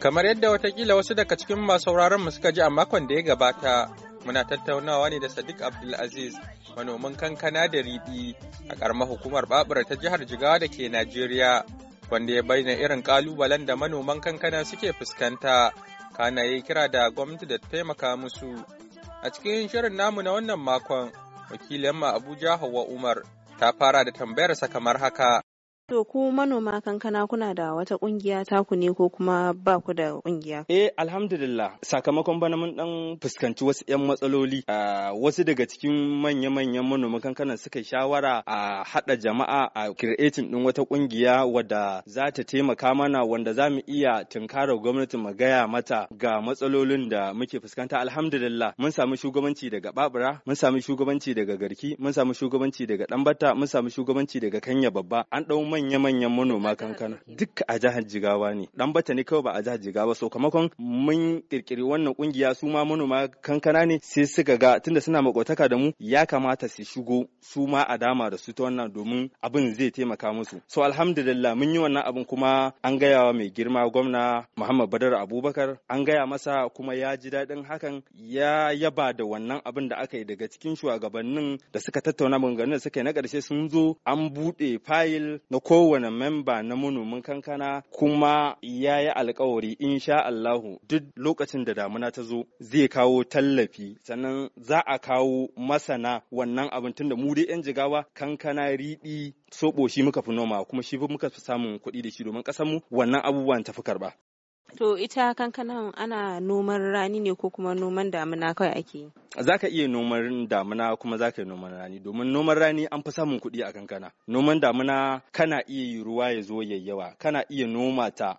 Kamar yadda watakila wasu daga cikin masu mu suka ji a makon da ya gabata, muna tattaunawa ne da Sadiq Abdulaziz manomin kankana da riɗi a ƙaramar hukumar Babura ta jihar Jigawa da ke Najeriya, wanda ya bayyana irin ƙalubalen da manoman kankana suke fuskanta, kana yi kira da gwamnati da taimaka musu. A cikin shirin namu na wannan makon, wakilin Abuja Hauwa Umar ta fara da tambayarsa kamar haka. To ku manoma kankana kuna da wata kungiya ku ne ko kuma ba ku da kungiya? Eh alhamdulillah sakamakon bana mun dan fuskanci wasu yan matsaloli a wasu daga cikin manya-manyan manoma kankana suka shawara a hada jama'a a creating din wata kungiya wadda za ta taimaka mana wanda za mu iya tunkarar gwamnati mu gaya mata ga matsalolin da muke fuskanta alhamdulillah mun samu shugabanci daga Babura mun samu shugabanci daga Garki mun samu shugabanci daga Dambata mun samu shugabanci daga Kanya babba an dau manya-manyan manoma kankana duk a jihar Jigawa ne. Dan bata ne kawai ba a jihar Jigawa sakamakon mun kirkiri wannan kungiya su ma manoma kankana ne sai suka ga tunda suna makotaka da mu ya kamata su shigo su ma a dama da su ta wannan domin abin zai taimaka musu. So alhamdulillah mun yi wannan abin kuma an gaya wa mai girma gwamna Muhammad Badar Abubakar an gaya masa kuma ya ji daɗin hakan ya yaba da wannan abin da aka yi daga cikin shugabannin da suka tattauna maganganun da suka yi na ƙarshe sun zo an buɗe fayil na kowane memba na manomin kankana kuma ya yi alkawari insha Allahu duk lokacin da damuna ta zo zai kawo tallafi sannan za a kawo masana wannan abin tunda mu dai 'yan jigawa kankana riɗi soɓo shi muka fi noma kuma shi muka fi samun kuɗi da shi domin ƙasarmu wannan abubuwan tafi karɓa. To ita kankanan ana noman rani ne ko kuma noman damina kawai ake yi? Za ka iya noman damina kuma za ka yi noman rani domin noman rani an fi samun kuɗi a kankana. Noman damina kana iya yi ruwa ya zo yayi yawa, kana iya noma ta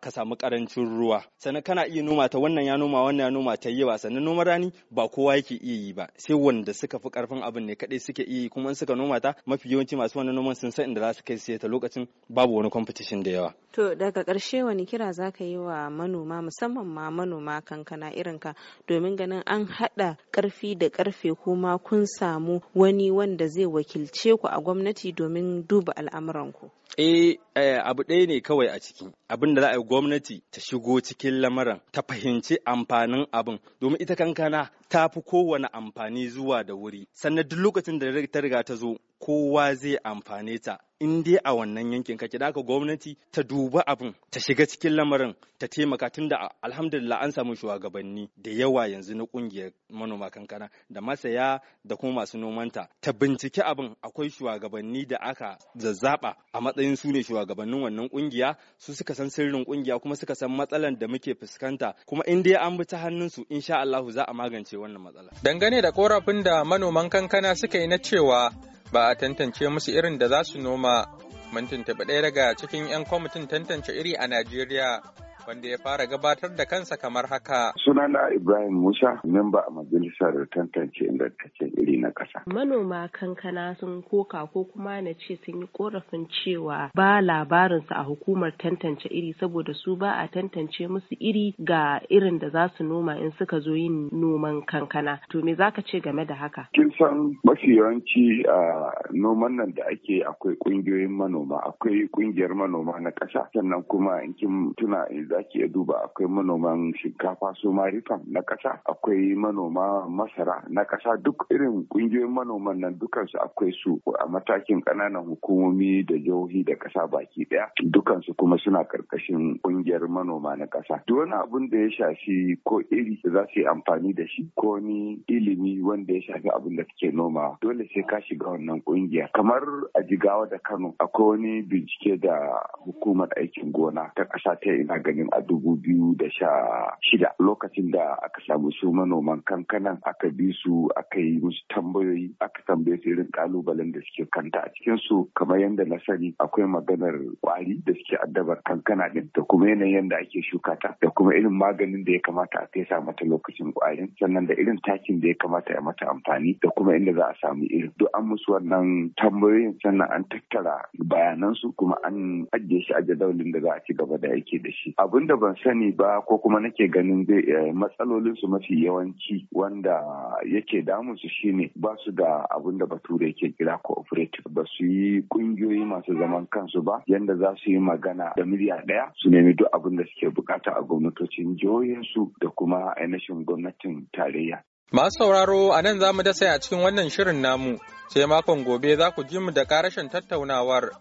ka samu karancin ruwa sannan kana iya noma ta wannan ya noma wannan ya noma ta yawa sannan noman rani ba kowa yake iya yi ba sai wanda suka fi karfin abin ne kadai suke iya yi kuma in suka noma ta mafi yawanci masu wannan noman sun san inda za su kai sai ta lokacin babu wani competition da yawa to daga karshe wani kira za ka yi wa manoma musamman ma manoma kankana irin ka domin ganin an haɗa karfi da karfe kuma kun samu wani wanda zai wakilce ku a gwamnati domin duba al'amuranku Eh, eh abu ɗaya ne kawai a ciki abin da za a yi gwamnati ta shigo cikin lamarin ta fahimci amfanin abin domin ita kankana ta fi kowane amfani zuwa da wuri sannan duk lokacin da ta riga ta zo kowa zai amfane ta in dai a wannan yankin ka da ka gwamnati ta duba abin ta shiga cikin lamarin ta taimaka tun da alhamdulillah an samu shugabanni da yawa yanzu na kungiyar manoma kankana da masaya da kuma masu nomanta ta binciki abin akwai shugabanni da aka zazzaba a matsayin su ne shugabannin wannan kungiya su suka san sirrin ƙungiya, kuma suka san matsalan da muke fuskanta kuma in dai an bi ta hannun su insha Allah za a magance wannan matsala. Dangane da korafin da manoman kankana suka yi na cewa ba a tantance musu irin da za su noma, mun tuntuɓi ɗaya daga cikin 'yan kwamitin tantance iri a Najeriya wanda ya fara gabatar da kansa kamar haka. Sunana Ibrahim Musa, memba a majalisar tantance ingantaccen iri na ƙasa. Manoma kankana sun koka ko kuma na ce sun yi korafin cewa ba labarinsu a hukumar tantance iri saboda su ba a tantance musu iri ga irin da za su noma in suka zo yin noman kankana. To me zaka ce game da haka? Kin san mafi yawanci a noman nan da ake akwai ƙungiyoyin manoma, akwai ƙungiyar manoma na ƙasa, sannan kuma in kin tuna ake duba akwai manoman shinkafa su ma na ƙasa akwai manoma masara na ƙasa duk irin ƙungiyoyin manoman nan dukansu akwai su a matakin ƙananan hukumomi da jihohi da ƙasa baki ɗaya dukansu kuma suna ƙarƙashin ƙungiyar manoma na ƙasa duk wani abun da ya shafi ko iri da za su yi amfani da shi ko ni ilimi wanda ya shafi abin da suke noma dole sai ka shiga wannan ƙungiya kamar a jigawa da kano akwai wani bincike da hukumar aikin gona ta ƙasa ta ina gani kenan a dubu biyu da sha shida lokacin da aka samu su manoman kankanan aka bi su aka yi musu tambayoyi aka tambaye su irin kalubalen da suke kanta a cikin su kamar yadda na sani akwai maganar kwari da suke addabar kankana din da kuma yanayin yadda ake shuka ta da kuma irin maganin da ya kamata a sa mata lokacin kwarin sannan da irin takin da ya kamata ya mata amfani da kuma inda za a samu irin duk an musu wannan tambayoyin sannan an tattara bayanansu kuma an ajiye shi a jadawalin da za a ci gaba da aiki da shi abin da ban sani ba ko kuma nake ganin zai eh, matsalolin su mafi yawanci wanda yake damun su shine ba su da abin da bature yake kira cooperative ba su yi kungiyoyi masu zaman kansu ba yanda za su yi magana da miliya daya su nemi duk abin da suke bukata a gwamnatocin jihohinsu da kuma ainihin gwamnatin tarayya Masu sauraro a nan za mu dasa a cikin wannan shirin namu, sai makon gobe za ku ji mu da karashin tattaunawar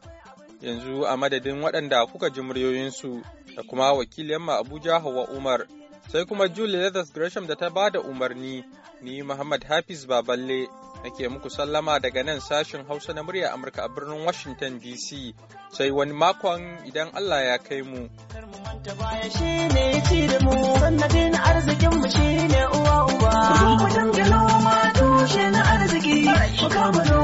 yanzu a madadin waɗanda kuka ji muryoyinsu da kuma wakilin ma Abuja Hawa Umar sai kuma Julie Leathers Gresham da ta bada umarni ni Muhammad Hafiz Baballe nake muku sallama daga nan sashen Hausa na murya Amurka a birnin Washington DC sai wani makon idan Allah ya kai mu arzikin mu shine uwa uba mu